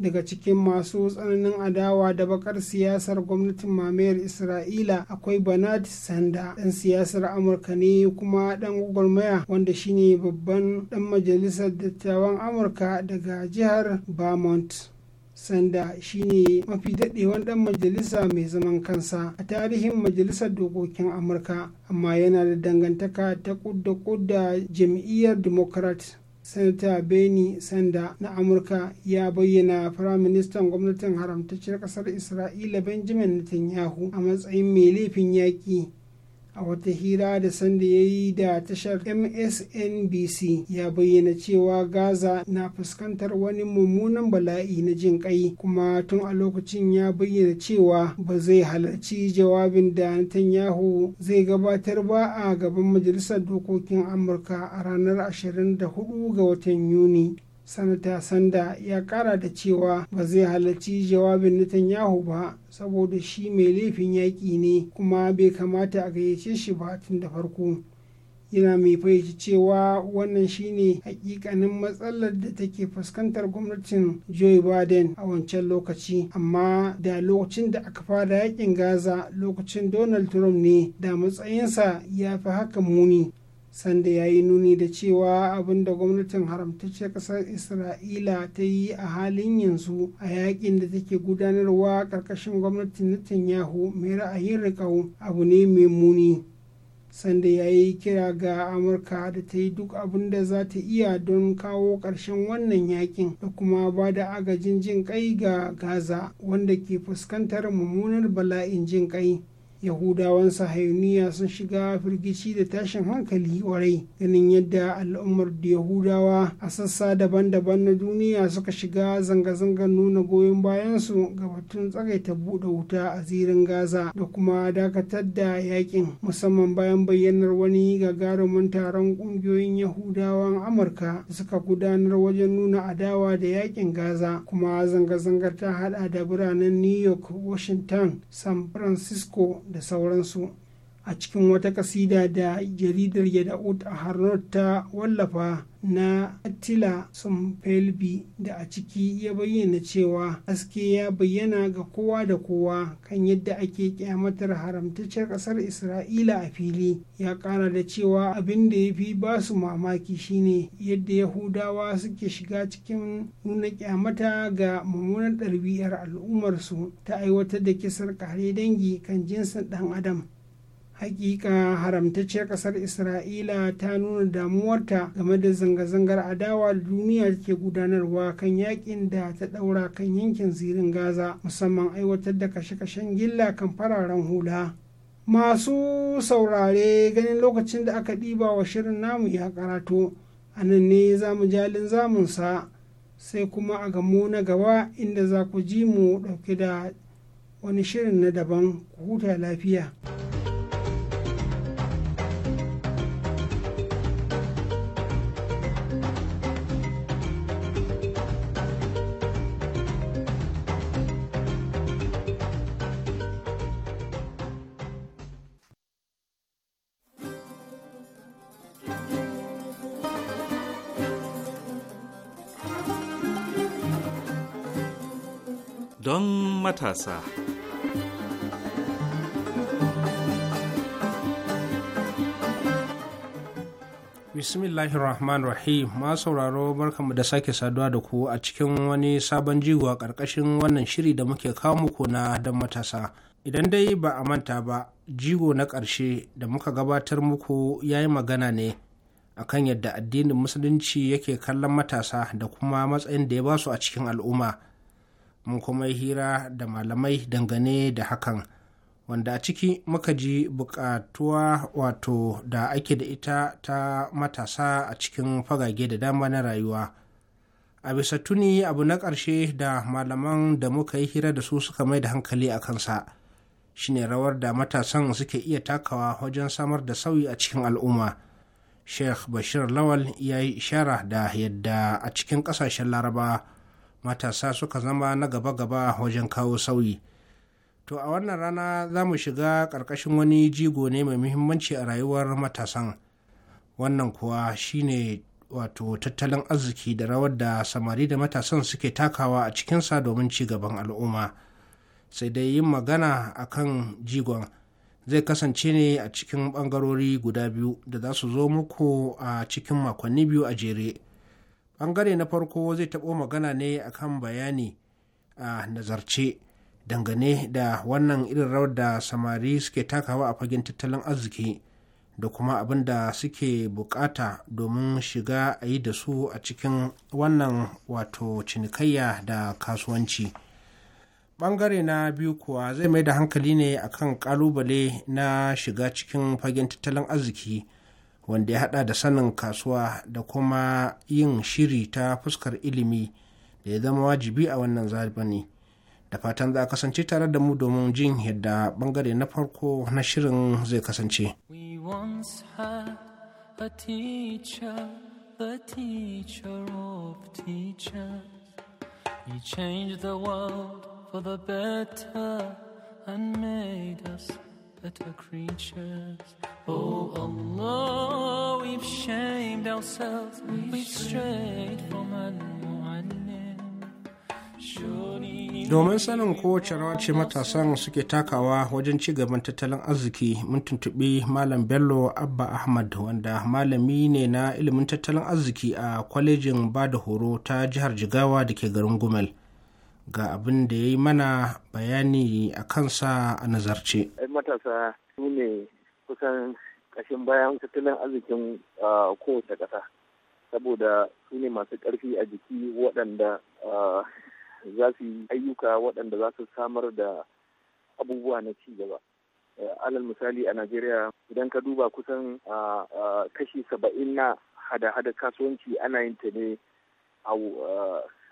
daga cikin masu tsananin adawa da bakar siyasar gwamnatin mamayar isra'ila akwai banat sanda Dan siyasar amurka ne kuma Dan gwagwarmaya wanda shine babban dan majalisar dattawan amurka daga jihar vermont sanda shine mafi daɗewan dan majalisa mai zaman kansa a tarihin majalisar dokokin amurka amma yana da dangantaka ta kudda kudda jam'iyyar democrat sanata benny sanda na amurka ya bayyana firaministan gwamnatin haramtacciyar kasar isra'ila benjamin netanyahu a matsayin mai laifin yaƙi a wata hira da sanda ya yi da tashar msnbc ya bayyana cewa gaza na fuskantar wani mummunan bala'i na jin kai kuma tun a lokacin ya bayyana cewa ba zai halarci jawabin da netanyahu zai gabatar ba a gaban majalisar dokokin amurka a ranar 24 ga watan yuni sanata sanda ya kara da cewa ba zai halarci jawabin netanyahu ba saboda shi mai laifin yaƙi ne kuma bai kamata a gayyace shi ba tun da farko yana mai fahimci cewa wannan shine hakikanin matsalar da take fuskantar gwamnatin joe biden a wancan lokaci amma da lokacin da aka fara yakin gaza lokacin donald trump ne da matsayinsa ya fi haka muni sanda ya yi nuni da cewa abin da gwamnatin haramtacciyar ƙasar isra'ila ta yi a halin yanzu a yakin da take gudanarwa ƙarƙashin gwamnatin netanyahu mai ra'ayin riƙau abu ne mai muni sanda ya yi kira ga amurka da ta yi duk abin da za ta iya don kawo ƙarshen wannan yakin da kuma ba da agajin jin kai ga gaza wanda ke fuskantar mummunar bala'in jin kai yahudawan sahayuniya sun shiga firgici da tashin hankali warai ganin yadda al'ummar da yahudawa a sassa daban-daban na duniya suka shiga zanga-zangar nuna goyon bayansu ga batun tsagaita buɗe wuta a zirin gaza da kuma dakatar da yakin musamman bayan bayyanar wani gagarumin taron ƙungiyoyin yahudawan amurka da suka gudanar wajen nuna adawa da yakin gaza kuma zanga-zangar ta hada da biranen new york washington san francisco da su... a cikin wata kasida da jaridar yada'ud a harnot ta wallafa na attila sumfelbi da a ciki ya bayyana cewa Aske ya bayyana ga kowa da kowa kan yadda ake kyamatar haramtaccen ƙasar isra'ila a fili ya ƙara da cewa abin da ya fi ba su mamaki shine yadda yahudawa suke shiga cikin nuna kyamata ga mummunar ɗarbiyar al'ummarsu ta aiwatar da kisar kare dangi kan jinsin ɗan adam hakika haramtacciyar kasar isra'ila ta nuna damuwarta game da zanga-zangar adawa da duniya ke gudanarwa kan yakin da ta daura kan yankin zirin gaza musamman aiwatar da kashe-kashen gilla kan fararen hula masu saurare ganin lokacin da aka ɗiba wa shirin namu ya karato a nan ne za mu jalin zamunsa sai kuma a gamo na gaba inda za ku ji mu ɗauke da wani shirin na daban ku huta lafiya. matasa. Bismillahir Rahmanir Rahim, ma sauraro barkanmu da sake saduwa da ku a cikin wani sabon jigo a ƙarƙashin wannan shiri da muke kawo muku na don matasa. Idan dai ba a manta ba, jigo na ƙarshe da muka gabatar muku ya yi magana ne akan yadda addinin musulunci yake kallon matasa da kuma matsayin da ya basu a cikin al'umma. mun kuma yi hira da malamai dangane da hakan wanda a ciki muka ji bukatuwa wato da ake da ita ta matasa a cikin fagage da dama na rayuwa a bisa tuni abu na ƙarshe da malaman da muka yi hira da su suka mai da hankali a kansa shine rawar da matasan suke iya takawa wajen samar da sauyi a cikin al'umma sheikh bashir lawal ya yi ishara da yadda a cikin ƙasashen laraba matasa suka zama na gaba-gaba wajen kawo sauyi to a wannan rana za mu shiga ƙarƙashin wani jigo ne mai muhimmanci a rayuwar matasan wannan kuwa shine wato tattalin arziki da rawar da samari da matasan suke takawa a cikinsa domin ci gaban al'umma sai dai yin magana a kan jigon zai kasance ne a cikin ɓangarori guda biyu da za su zo muku a cikin makonni biyu a jere bangare na farko zai taɓo magana ne akan bayani a nazarce dangane da wannan irin rawar da samari suke takawa a fagen tattalin arziki da kuma abin da suke bukata domin shiga a yi da su a cikin wannan wato cinikayya da kasuwanci bangare na biyu kuwa zai mai da hankali ne akan kalubale na shiga cikin fagen tattalin arziki wanda ya hada da sanin kasuwa da kuma yin shiri ta fuskar ilimi da ya zama wajibi a wannan ne da fatan za a kasance tare da mu domin jin yadda bangare na farko na shirin zai kasance He changed the world for the and made us better Oh Allah, we've shamed ourselves, we've strayed from Domin sanin kowace rawa ce matasan suke takawa wajen ci gaban tattalin arziki mun tuntuɓi Malam Bello Abba Ahmad wanda malami ne na ilimin tattalin arziki a kwalejin bada horo ta jihar Jigawa da ke garin Gumel. Ga abin da ya yi mana bayani a kansa a nazarce. Matasa ne kusan kashin bayan tattalin arzikin kowace ƙasa saboda su ne masu ƙarfi a jiki waɗanda za su yi ayyuka waɗanda za su samar da abubuwa na ci gaba alal misali a najeriya idan ka duba kusan kashi saba'in na hada-hada kasuwanci ana yin ta ne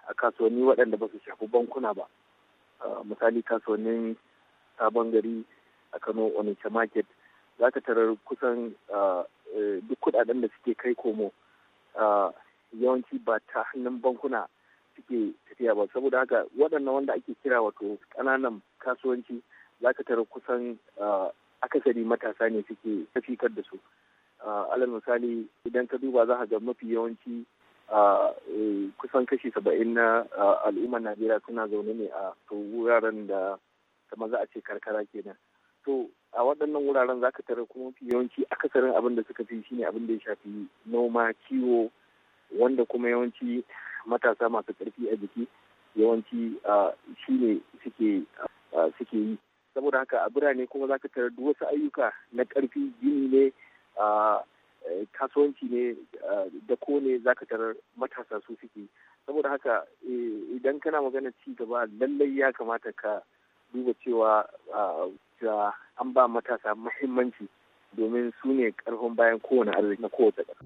a kasuwanni waɗanda ba su shafi bankuna ba misali kasuwannin sabon gari a kano onitsha market za ka tarar kusan e, duk kudaden da suke kai komo yawanci ba ta hannun bankuna suke tafiya ba saboda haka waɗannan wanda ake kira wato ƙananan kasuwanci za ka tarar kusan akasari matasa ne suke tafikar da su alal misali idan ka duba za ka ga mafi yawanci e, kusan kashi saba'in na al'ummar najeriya suna zaune ne a wuraren da kamar za a ce karkara kenan so a waɗannan wuraren za ka tara kuma fi yawanci akasarin abin da suka fi shine abin da ya shafi noma kiwo wanda kuma yawanci matasa masu ƙarfi a jiki yawanci shine suke suke yi saboda haka a birane kuma za ka tara duk wasu ayyuka na ƙarfi gini ne eh, kasuwanci ne da ko ne za ka tarar matasa su suke saboda haka eh, idan kana magana ci gaba lallai ya kamata ka duba cewa cewa an ba matasa muhimmanci domin su ne karfin bayan kowane arziki na kowace ƙasa.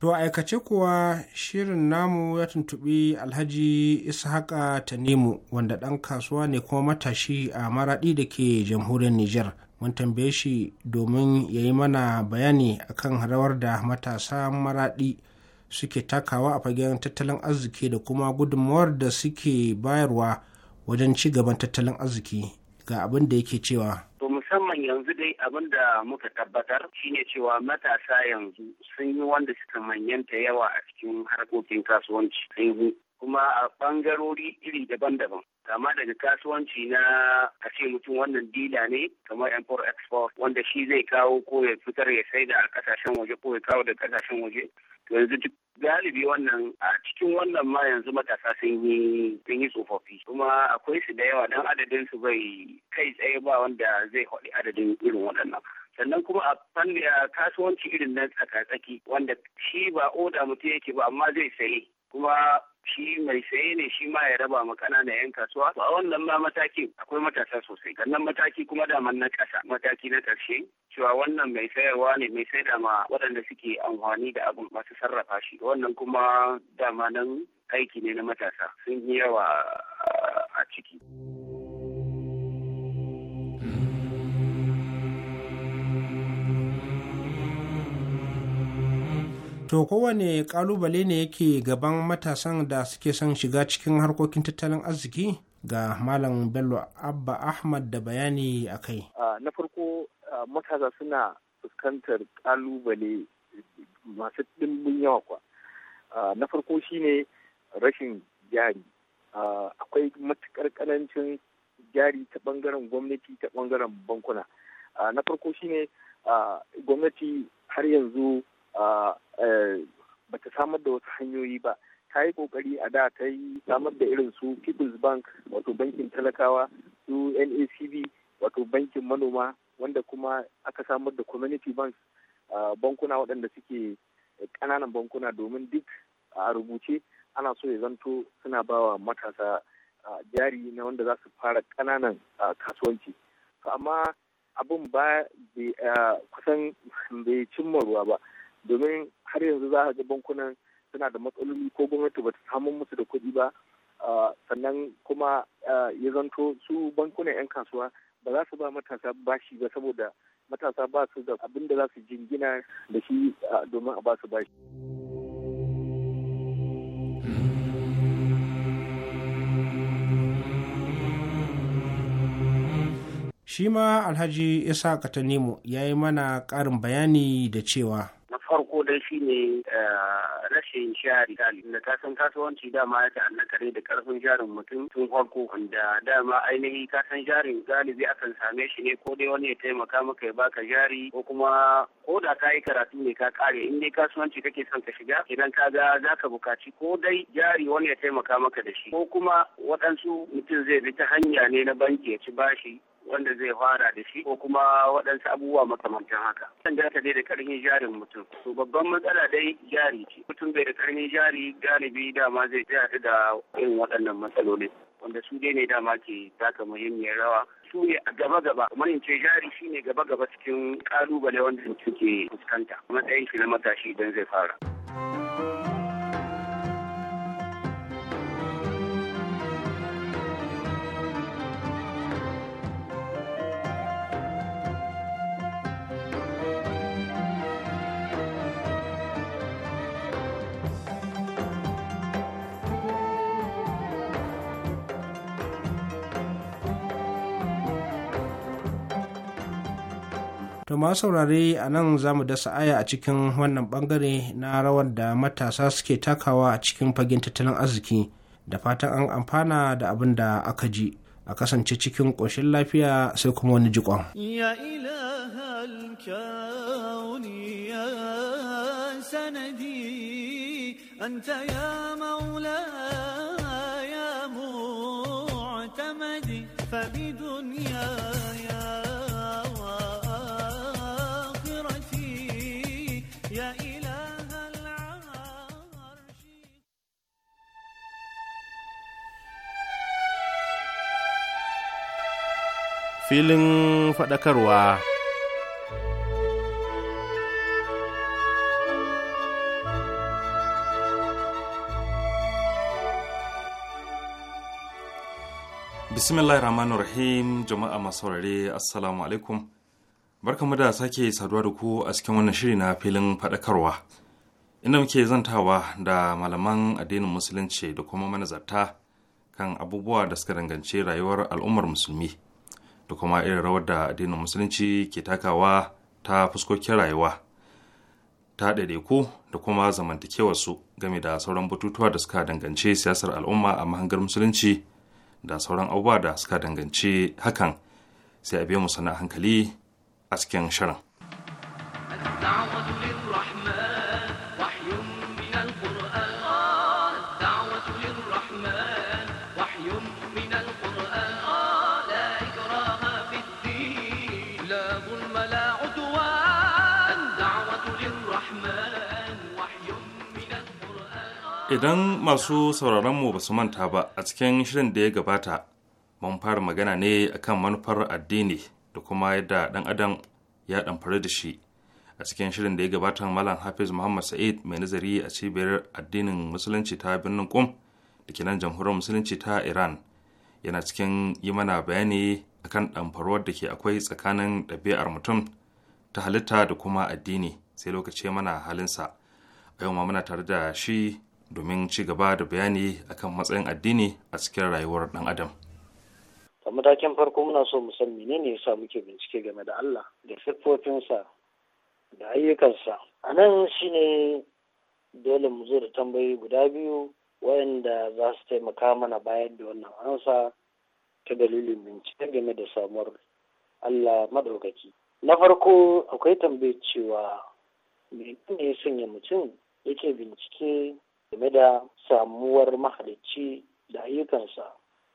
To aikace kuwa shirin namu ya tuntuɓi Alhaji Ishaqa Tanimu wanda ɗan kasuwa ne kuma matashi a maraɗi da ke jamhuriyar Nijar. Mun tambaye shi domin ya yi mana bayani akan rawar da matasa maraɗi suke takawa a fagen tattalin arziki da kuma gudunmawar da suke bayarwa wajen ci gaban tattalin arziki ga abin da yake cewa To musamman yanzu dai abin da muka tabbatar shine cewa matasa yanzu sun yi wanda suka manyanta yawa a cikin harkokin kasuwanci sun kuma a bangarori iri daban-daban kama daga kasuwanci na a ce mutum wannan dila ne kamar import export wanda shi zai kawo ko ya fitar ya saida a kasashen waje ko ya kawo da kasashen waje yanzu duk galibi wannan a cikin wannan ma yanzu matasa sun yi sun yi tsofaffi kuma akwai su da yawa dan adadin su bai kai tsaye ba wanda zai haɗi adadin irin waɗannan sannan kuma a fanni kasuwanci irin na tsaka-tsaki wanda shi ba oda mutum yake ba amma zai saye kuma shi mai saye ne shi ma ya raba ma ƙananan 'yan kasuwa a wannan ma matakin akwai matasa sosai wannan mataki kuma daman na ƙasa mataki na ƙarshe cewa wannan mai sayarwa ne mai da ma waɗanda suke amfani da abin masu sarrafa shi wannan kuma dama nan aiki ne na matasa sun yi yawa a ciki. To kowane kalubale ne yake gaban matasan da suke son shiga cikin harkokin tattalin arziki ga Malam Bello Abba Ahmad da bayani a kai. Na farko matasa suna fuskantar kalubale masu ɗimbin yawa kwa. Na farko shine rashin jari. Akwai matuƙar ƙarancin jari ta ɓangaren gwamnati ta ɓangaren bankuna. Na farko shine gwamnati har yanzu ba ta samar da wasu hanyoyi ba ta yi kokari a da ta yi samar da irin su people's bank wato bankin talakawa su nacb wato bankin manoma wanda kuma aka samar da community banks bankuna waɗanda suke ƙananan bankuna domin duk a rubuce ana so ya zanto suna bawa matasa jari na wanda za su fara ƙananan kasuwanci amma abin ba kusan bai cimma ruwa ba domin har yanzu za a ga bankunan suna da matsaloli ko gwamnati ba ta samu musu da kuɗi ba sannan kuma ya zanto su bankunan 'yan kasuwa ba za su ba matasa bashi ba saboda matasa ba su da abin da za su jingina da shi domin a ba su bashi. Shi ma Alhaji Isa Katanimu ya yi mana ƙarin bayani da cewa na farko dai shi ne eh, rashin jari dali da kasan san kasuwanci dama ya annaka ne da karfin jarin mutum tun farko wanda dama ainihi kasan san jarin galibi akan same shi ne ko dai wani ya taimaka maka ya baka jari ko kuma ko da ka yi karatu ne ka kare in dai kasuwanci kake son ka shiga idan ka ga za ka bukaci ko dai jari wani ya taimaka maka da shi ko kuma waɗansu mutum zai bi ta hanya ne na banki ya ci bashi wanda zai fara da shi ko kuma waɗansu abubuwa makamantan haka. Kan ta dai da ƙarfin jarin mutum. To babban matsala dai jari ce. Mutum bai da ƙarfin jari galibi dama zai tsaya da irin waɗannan matsaloli. Wanda su dai ne dama ke taka muhimmiyar rawa su ne a gaba-gaba kamar in ce jari shi ne gaba-gaba cikin ƙalubale wanda ke fuskanta matsayin shi na matashi idan zai fara. To ma saurare a nan za mu dasa aya a cikin wannan bangare na rawar da matasa suke takawa a cikin fagen tattalin arziki da fatan an amfana da abin da aka ji a kasance cikin ƙoshin lafiya sai kuma wani jikon. أنت filin faɗakarwa. bismillahir rahmanir rahim jama'a masu saurare assalamu alaikum barkamu da sake saduwa da ku a cikin wannan shiri na filin faɗakarwa inda muke zantawa da malaman addinin musulunci da kuma manazarta kan abubuwa da suka danganci rayuwar al'ummar musulmi da kuma irin rawar da addinin musulunci ke takawa ta fuskokin rayuwa ta ɗaiɗaiku da kuma su game da sauran batutuwa da suka danganci siyasar al'umma a mahangar musulunci da sauran abubuwa da suka danganci hakan sai a biya musana hankali a cikin shirin. Idan masu sauraronmu ba su manta ba a cikin shirin da ya gabata, mun fara magana ne akan manufar addini da kuma yadda ɗan adam ya ɗamfari da shi. A cikin shirin da ya gabata Malam Hafiz Muhammad Sa'id mai nazari a cibiyar addinin Musulunci ta birnin kum da ke nan jamhuriyar Musulunci ta Iran yana cikin yi mana bayani akan ɗamfarwar da ke akwai tsakanin ɗabi'ar mutum ta halitta da kuma addini sai lokaci mana halinsa. A yau ma muna tare da shi domin ci gaba da bayani akan matsayin addini a cikin rayuwar ɗan adam. a matakin farko muna so mu san menene yasa muke bincike game da Allah da siffofinsa da ayyukansa a nan shine dole mu zo da tambayi guda biyu wayanda za su taimaka mana bayan da wannan ansa ta dalilin bincike game da samuwar Allah maɗaukaki. na farko akwai tambayar cewa menene ya sanya mutum yake bincike da samuwar mahalicci da ayyukansa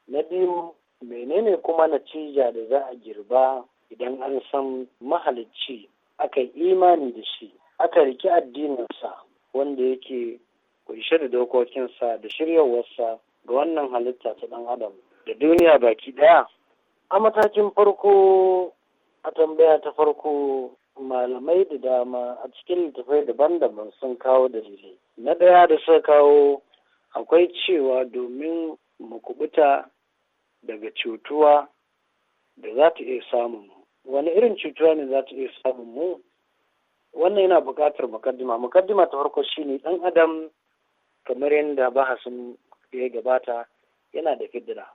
na biyu menene kuma natija da za a girba idan an san mahalicci aka yi imani da shi aka riki addininsa wanda yake kunshe da dokokinsa da shiryawarsa ga wannan halitta ta ɗan adam da duniya baki ɗaya a matakin farko a tambaya ta farko malamai da dama a cikin littattafai daban-daban sun kawo dalilai na ɗaya da suka kawo akwai cewa domin mu kubuta daga cutuwa da za ta iya samun wani irin cutuwa ne za ta iya samun mu wannan yana buƙatar mukaddima mukaddima ta farko shine ɗan adam kamar yadda bahasin ya gabata yana da fidira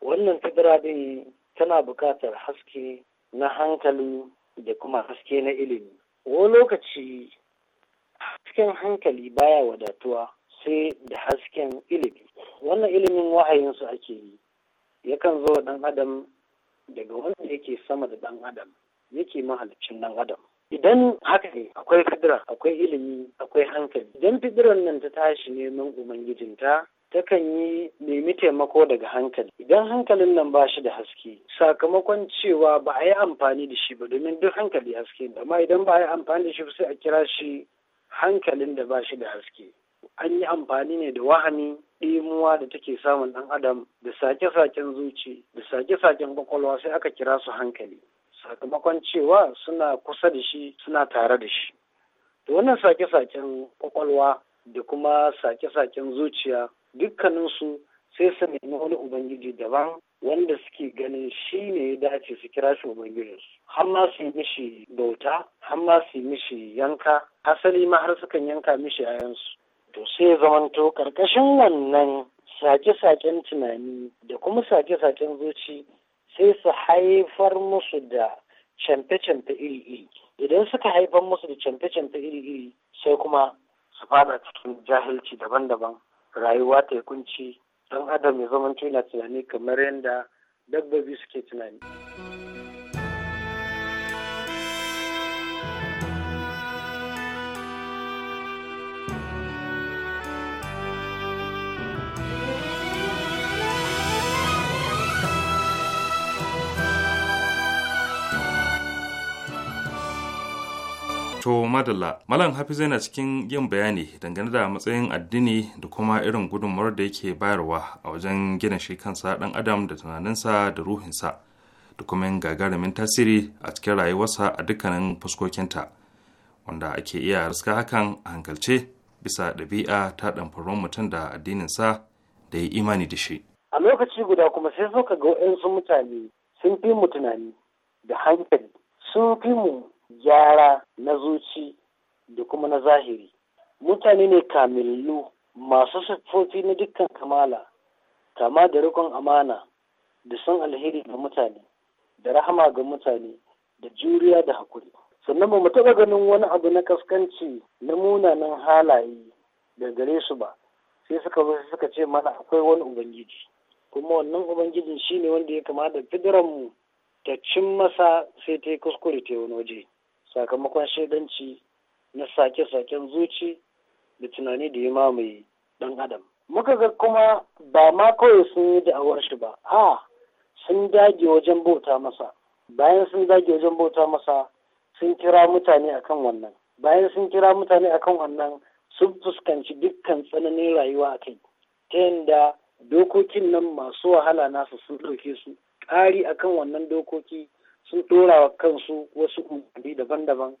wannan fidira din tana buƙatar haske na hankali da kuma haske na ilimi wani lokaci cikin hankali baya wadatuwa sai da hasken ilimi wannan ilimin wahayin su ake yi yakan zo wa ɗan adam daga wanda yake sama da ɗan adam yake mahalicin ɗan adam idan haka ne akwai fidira akwai ilimi akwai hankali idan fidiran nan ta tashi neman ubangijinta takan yi nemi taimako daga hankali idan hankalin nan ba shi da haske sakamakon cewa ba a yi amfani da shi ba domin duk hankali haske ne amma idan ba a yi amfani da shi sai a kira shi hankalin da ba shi da haske an yi amfani ne da wahani ɗimuwa da take samun ɗan adam da sake-saken zuci da sake-saken kwakwalwa sai aka kira su hankali sakamakon cewa suna kusa da shi suna tare da shi da wannan sake-saken kwakwalwa da kuma sake-saken zuciya dukkaninsu sai su nemi wani ubangiji daban wanda suke ganin shi ne ya dace su kira shi ubangijinsu har ma su yi mishi bauta har ma su yi mishi yanka asali ma har sukan yanka mishi yayansu to sai zamanto karkashin wannan sake-saken tunani da kuma sake-saken zuci sai su haifar musu da canfe-canfe iri-iri idan suka haifar musu da canfe-canfe iri-iri sai kuma su fada cikin jahilci daban-daban rayuwa ta kunci dan adam ya zama tunani kamar yadda dabbobi suke tunani. To madalla, Malam Hafiz yana cikin yin bayani dangane da matsayin addini da kuma irin gudunmawar da yake bayarwa a wajen gina shi kansa ɗan adam da tunaninsa da ruhinsa da kuma yin gagarumin tasiri a cikin rayuwarsa a dukkanin fuskokinta wanda ake iya riska hakan a hankalce bisa ɗabi'a ta ɗamfarin mutum da addininsa da ya imani da shi. A lokaci guda kuma sai suka ga wayansu mutane sun fi mu tunani da hankali sun fi mu gyara na zuci da kuma na zahiri mutane ne kamillu masu siffofi na dukkan kamala kama da rikon amana da son alheri ga mutane da rahama ga mutane da juriya da hakuri sannan ba mu taɓa ganin wani abu na kaskanci na munanan halaye da gare su ba sai suka zo suka ce mana akwai wani ubangiji kuma wannan ubangijin shine wanda ya kama da fidiranmu ta cin masa sai ta yi kuskure ta wani waje sakamakon shaidanci na sake-saken zuci da tunani da ya mamaye ɗan adam muka ga kuma ba ma kawai sun yi da'awar shi ba a sun dage wajen bauta masa bayan sun dage wajen bauta masa sun kira mutane akan wannan bayan sun kira mutane akan wannan sun fuskanci dukkan tsananin rayuwa a kai ta yadda dokokin nan masu wahala nasu sun ɗauke su ƙari akan wannan dokoki sun ɗora wa kansu wasu umarni daban-daban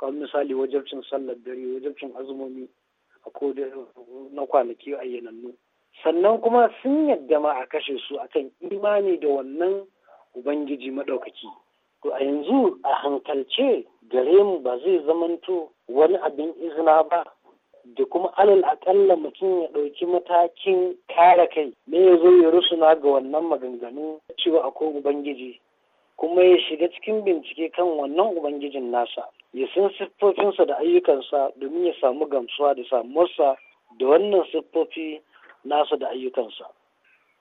kamar misali wajabcin sallar dare wajabcin azumomi a na kwanaki ayyanannu sannan kuma sun yadda ma a kashe su akan imani da wannan ubangiji maɗaukaki to a yanzu a hankalce gare mu ba zai zamanto wani abin izina ba da kuma alal akalla mutum ya ɗauki matakin kare kai me ya zo ya rusuna ga wannan maganganu cewa akwai ubangiji kuma ya shiga cikin bincike kan wannan ubangijin nasa ya san siffofinsa da ayyukansa domin ya samu gamsuwa da samuwarsa da wannan siffofi nasa da ayyukansa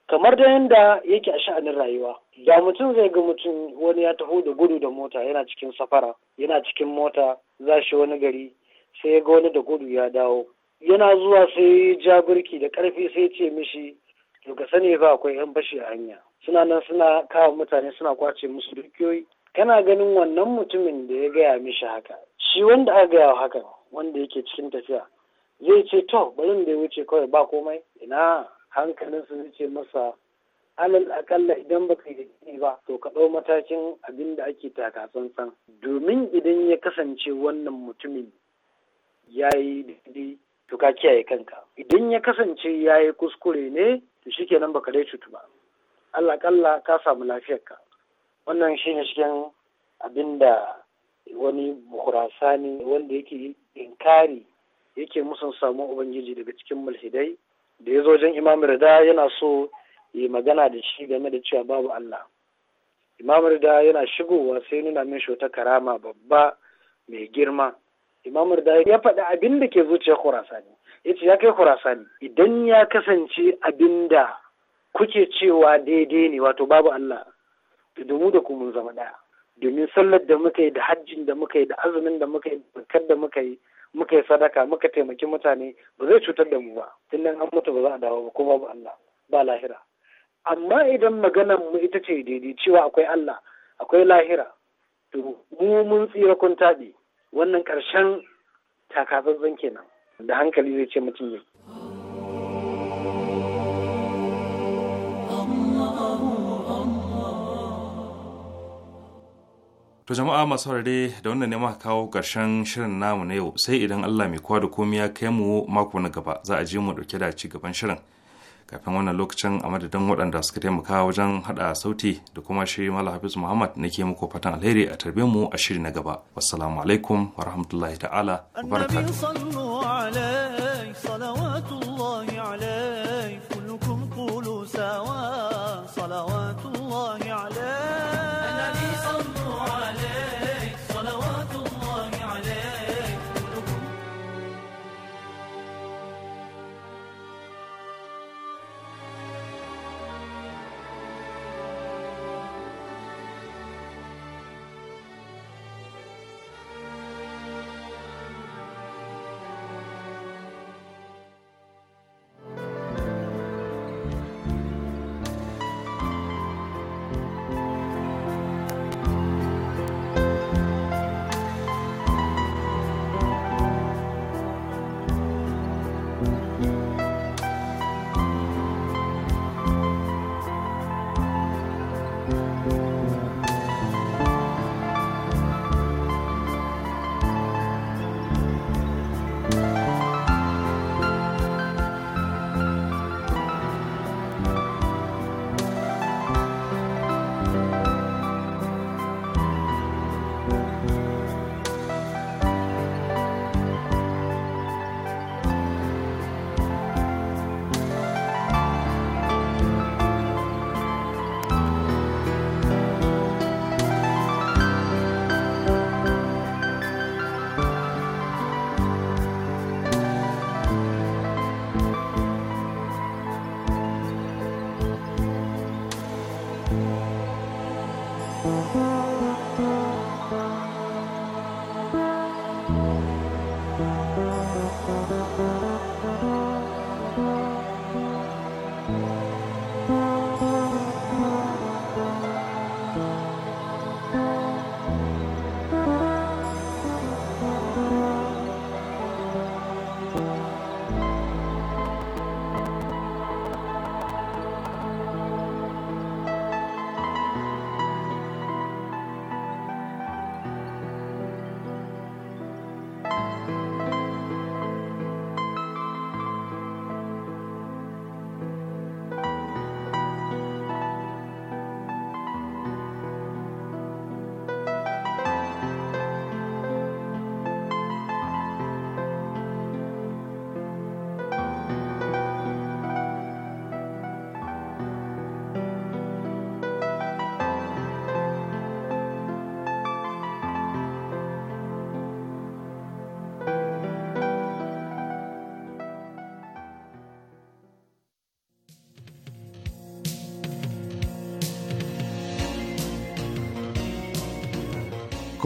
kamar da yadda yake a sha'anin rayuwa da mutum zai ga mutum wani ya taho da gudu da mota yana cikin safara yana cikin mota za shi wani gari sai ya ga wani da gudu ya dawo yana zuwa sai ja birki da ƙarfi sai ce mishi to ka sani ba akwai yan bashi a hanya suna nan suna kawo mutane suna kwace musu dukiyoyi kana ganin wannan mutumin da ya gaya mishi haka shi wanda aka gaya haka wanda yake cikin tafiya zai ce to bari da ya wuce kawai ba komai ina hankalinsa zai ce masa alal akalla idan baka yi ba to ka ɗau matakin abin da ake taka tsantsan domin idan ya kasance wannan mutumin ya yi daidai to ka kiyaye kanka idan ya kasance ya yi kuskure ne to shikenan baka dai cutu ba Allah kalla ka samu lafiyarka wannan shi ne cikin abin da wani ne wanda yake inkari yake musun samu ubangiji daga cikin mulhidai da ya zo wajen imam rida yana so yi magana da shi game da cewa babu Allah imam rida yana shigowa sai nuna min shi karama babba mai girma imam rida ya faɗi abin da ke zuciya kurasani ya ce ya kai kurasani idan ya kasance abin da kuke cewa daidai ne wato babu Allah da mu da ku mun zama ɗaya domin sallar da muka yi da hajjin da muka yi da azumin da muka yi da da muka yi muka yi sadaka muka taimaki mutane ba zai cutar da mu ba tun an mutu ba za a dawo ba ko babu Allah ba lahira amma idan maganar mu ita ce daidai cewa akwai Allah akwai lahira to mu mun tsira kun tabi wannan karshen takazazzan kenan da hankali zai ce mutum ya To jama'a masu saurare da wannan ne muka kawo karshen shirin namu na yau sai idan Allah mai kowa da komai ya kai mu mako na gaba za a je mu dauke da ci gaban shirin. Kafin wannan lokacin a madadin waɗanda suka taimaka wajen haɗa sauti da kuma shi Malam Hafiz Muhammad nake muku fatan alheri a tarbe mu a shiri na gaba. Assalamu alaikum wa rahmatullahi ta'ala wa barakatuh.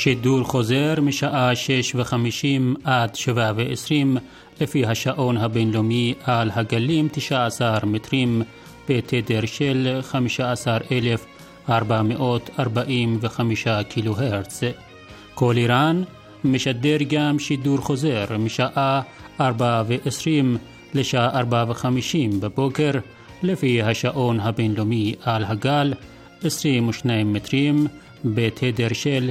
שידור חוזר משעה וחמישים עד ועשרים לפי השעון הבינלאומי על הגלים 19 מטרים בתדר של 15,445 קילו הרץ. כל איראן משדר גם שידור חוזר משעה 4:20 לשעה 4:50 בבוקר לפי השעון הבינלאומי על הגל 22 מטרים בתדר של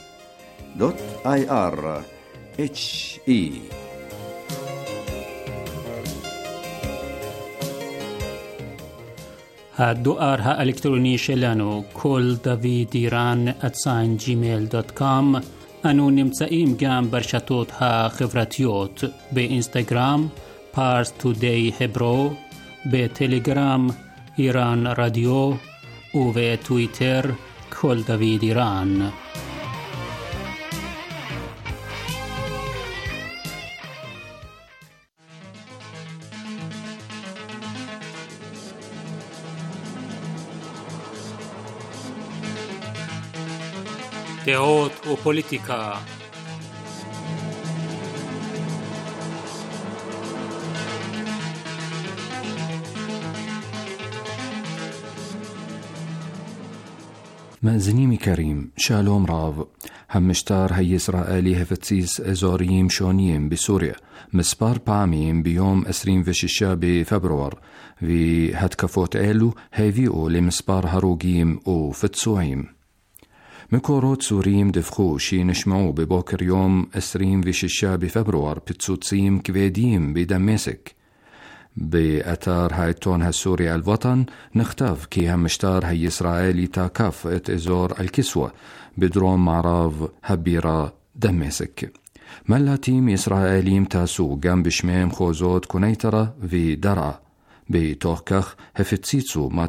www.hr.ir HE دوار ها الکترونی کل دوید ایران اتسان جیمیل دات کام انو نمتسئیم گم برشتوت ها خفرتیوت به اینستاگرام پارس تو دی هبرو به تلگرام ایران رادیو و به تویتر کل دوید ایران דעות ופוליטיקה. مأزنيمي كريم شالوم راف همشتار هي إسرائيلي هفتسيس أزوريم شونيم بسوريا مسبار باميم بيوم أسرين فيشيشا بفبروار في هتكفوت إلو هيفيو لمسبار هروجيم وفتسوعيم مكوروت سوريم دفخو شي نشمعو ببوكر يوم اسريم في ششا بفبروار بتسوتسيم كفيديم بدمسك بأتار هاي تون هالسوري الوطن نختاف كي همشتار هاي إسرائيلي تاكاف ات ازور الكسوة بدروم معراف هبيرة دمسك ملا تيم تاسو متاسو قام بشميم خوزوت كونيترا في درعا بتوخكخ هفتسيتسو ما